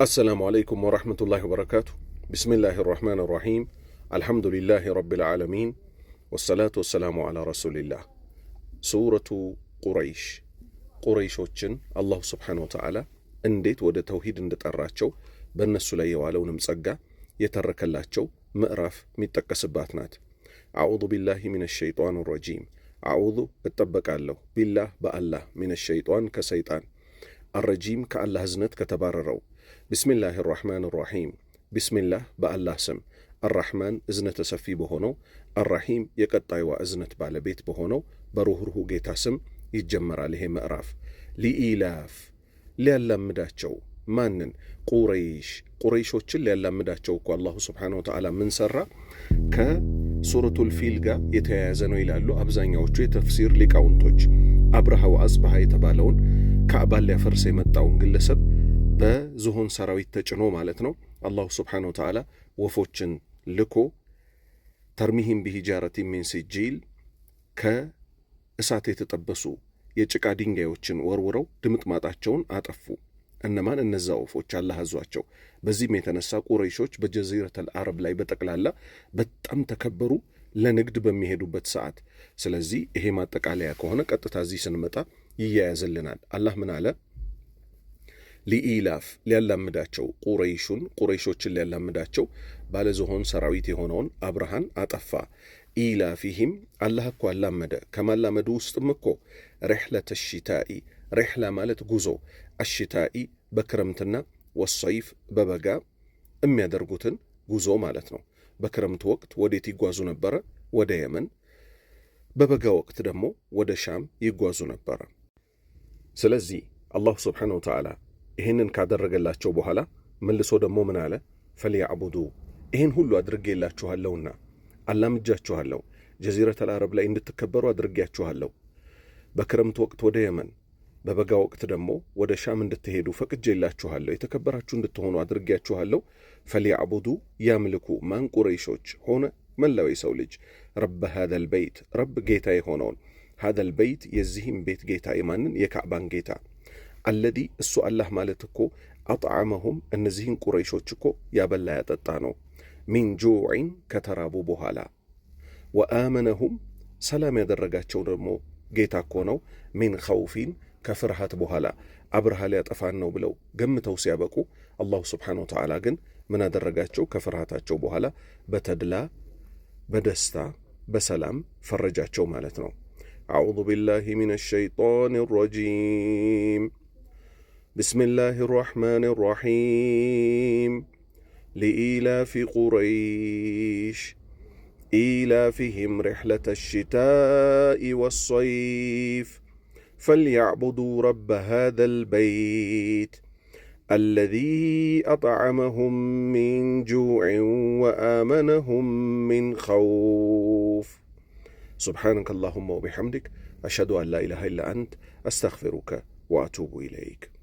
السلام عليكم ورحمة الله وبركاته بسم الله الرحمن الرحيم الحمد لله رب العالمين والصلاة والسلام على رسول الله سورة قريش قريش وچن الله سبحانه وتعالى انديت ود توحيد اندت اراتشو بن السلية وعلو نمسقع يترك الله مئراف ميتك سباتنات أعوذ بالله من الشيطان الرجيم أعوذ اتبك الله بالله بالله من الشيطان كسيطان الرجيم كالله هزنت كتبار الروب ቢስሚላህ ራሕማን ራሒም ቢስሚላህ በአላህ ስም አራሕማን እዝነተ ሰፊ በሆነው አራሒም የቀጣዩዋ እዝነት ባለቤት በሆነው በሩኅሩሁ ጌታ ስም ይጀመራል። ይሄ ምዕራፍ ሊኢላፍ ሊያላምዳቸው ማንን? ቁረይሽ ቁረይሾችን ሊያላምዳቸው እኮ አላሁ ስብሓነ ወተዓላ ምን ሠራ? ከሱረቱል ፊል ጋር የተያያዘ ነው ይላሉ አብዛኛዎቹ የተፍሲር ሊቃውንቶች። አብረሃ ወአጽበሃ የተባለውን ካዕባን ሊያፈርስ የመጣውን ግለሰብ በዝሆን ሰራዊት ተጭኖ ማለት ነው። አላሁ ስብሓነ ወተዓላ ወፎችን ልኮ ተርሚሂም ቢሂጃረቲ ሚን ሲጂል ከእሳት የተጠበሱ የጭቃ ድንጋዮችን ወርውረው ድምጥ ማጣቸውን አጠፉ። እነማን? እነዛ ወፎች አላህ አዟቸው። በዚህም የተነሳ ቁረይሾች በጀዚረተል አረብ ላይ በጠቅላላ በጣም ተከበሩ ለንግድ በሚሄዱበት ሰዓት። ስለዚህ ይሄ ማጠቃለያ ከሆነ ቀጥታ እዚህ ስንመጣ ይያያዝልናል። አላህ ምን አለ? ሊኢላፍ ሊያላምዳቸው ቁረይሹን ቁረይሾችን ሊያላምዳቸው ባለዝሆን ሰራዊት የሆነውን አብርሃን አጠፋ። ኢላፊህም አላህ እኮ አላመደ። ከማላመዱ ውስጥም እኮ ሬሕለተ ሽታኢ ሬሕላ ማለት ጉዞ፣ አሽታኢ በክረምትና ወሰይፍ በበጋ የሚያደርጉትን ጉዞ ማለት ነው። በክረምት ወቅት ወዴት ይጓዙ ነበረ? ወደ የመን። በበጋ ወቅት ደግሞ ወደ ሻም ይጓዙ ነበረ። ስለዚህ አላሁ ስብሓነሁ ወተዓላ ይህንን ካደረገላቸው በኋላ መልሶ ደግሞ ምን አለ? ፈሊያዕቡዱ ይህን ሁሉ አድርጌላችኋለሁና አላምጃችኋለሁ፣ ጀዚረተል አረብ ላይ እንድትከበሩ አድርጌያችኋለሁ። በክረምት ወቅት ወደ የመን፣ በበጋ ወቅት ደግሞ ወደ ሻም እንድትሄዱ ፈቅጄላችኋለሁ፣ የተከበራችሁ እንድትሆኑ አድርጌያችኋለሁ። ፈሊያዕቡዱ ያምልኩ ማን ቁረይሾች ሆነ መላው የሰው ልጅ ረበ ሃደል በይት ረብ ጌታ የሆነውን ሃደል በይት የዚህም ቤት ጌታ የማንን የካዕባን ጌታ አለዲ እሱ አላህ ማለት እኮ አጥዓመሁም እነዚህን ቁረይሾች እኮ ያበላ ያጠጣ ነው። ሚን ጁዕን ከተራቡ በኋላ ወአመነሁም ሰላም ያደረጋቸው ደግሞ ጌታ እኮ ነው። ሚን ኸውፊን ከፍርሃት በኋላ አብርሃ ሊያጠፋን ነው ብለው ገምተው ሲያበቁ አላሁ ስብሓነሁ ወተዓላ ግን ምን አደረጋቸው? ከፍርሃታቸው በኋላ በተድላ በደስታ በሰላም ፈረጃቸው ማለት ነው። አዑዙ ቢላሂ ሚነ ሸይጣን ረጂም بسم الله الرحمن الرحيم لإيلاف قريش إيلافهم رحلة الشتاء والصيف فليعبدوا رب هذا البيت الذي أطعمهم من جوع وآمنهم من خوف سبحانك اللهم وبحمدك أشهد أن لا إله إلا أنت أستغفرك وأتوب إليك